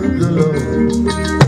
circle.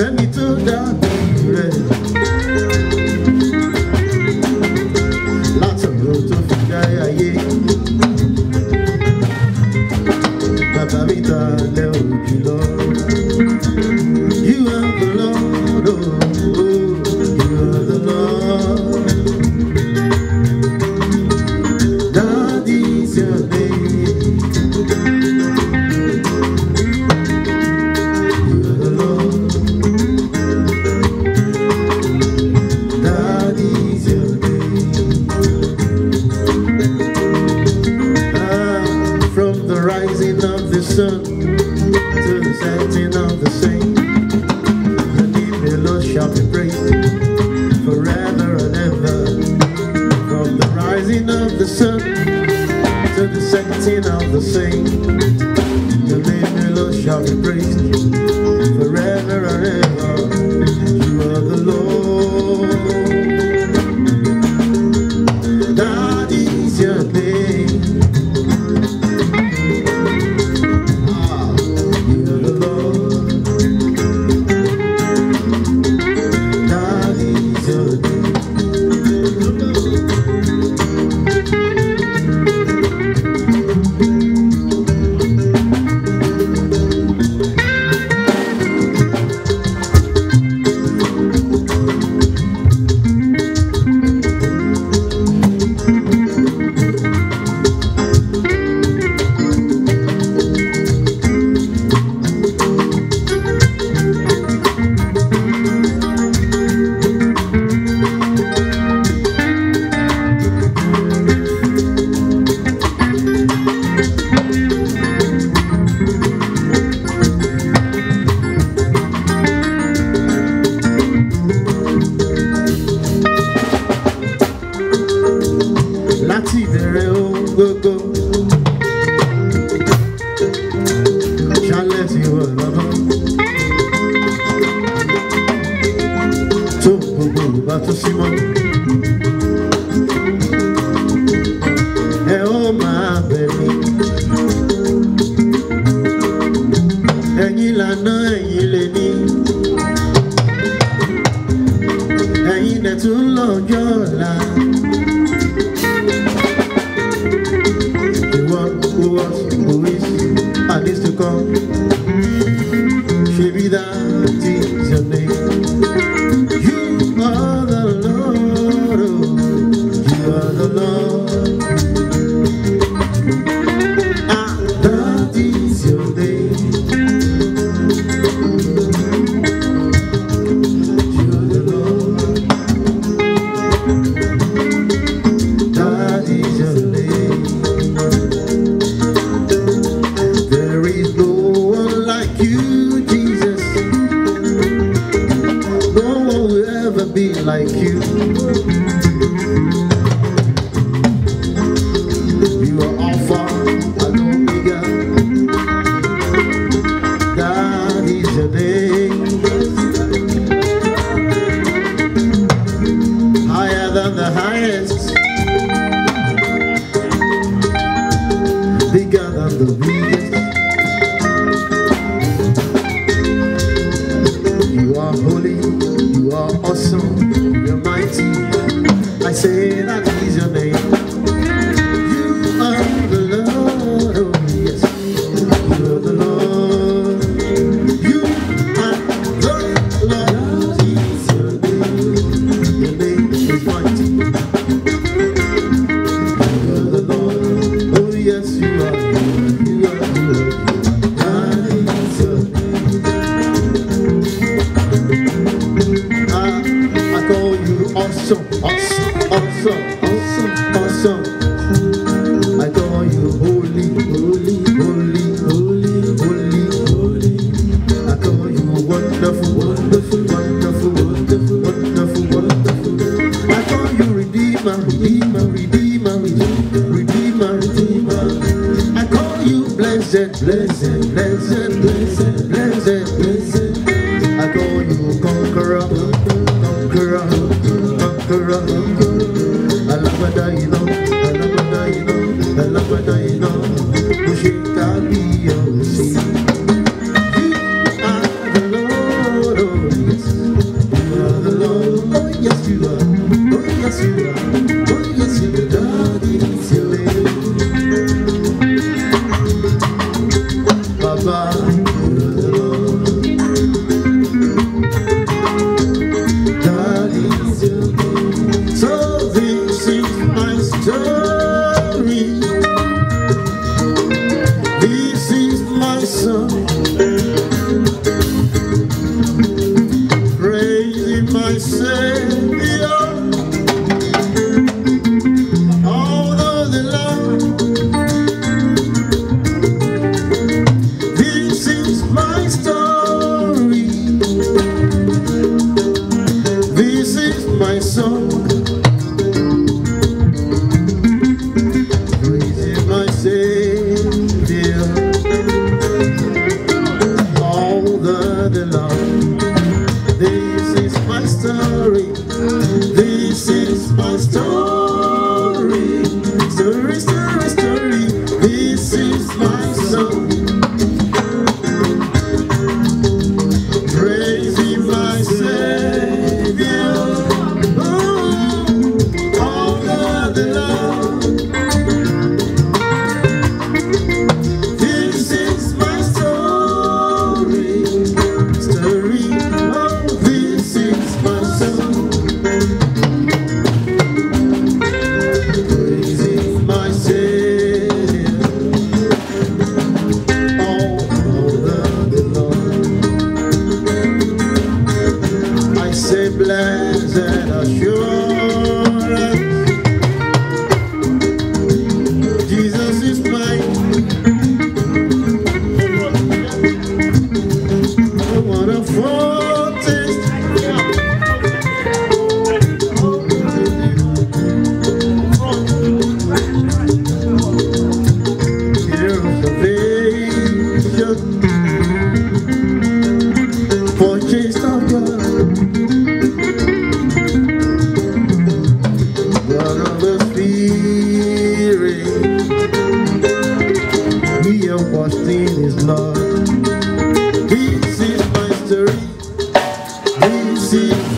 sẹ́ni tó dá rẹ̀. sí wọ lọ́kọ́. tó gbogbo olùbá tó sí mọ́. ẹ ó máa bẹ̀ mí. ẹ̀yin lànà who was, who is, and is to come. You are alágbádá iná alágbádá iná alágbádá iná. This is my story. This is say bless.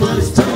but it's time.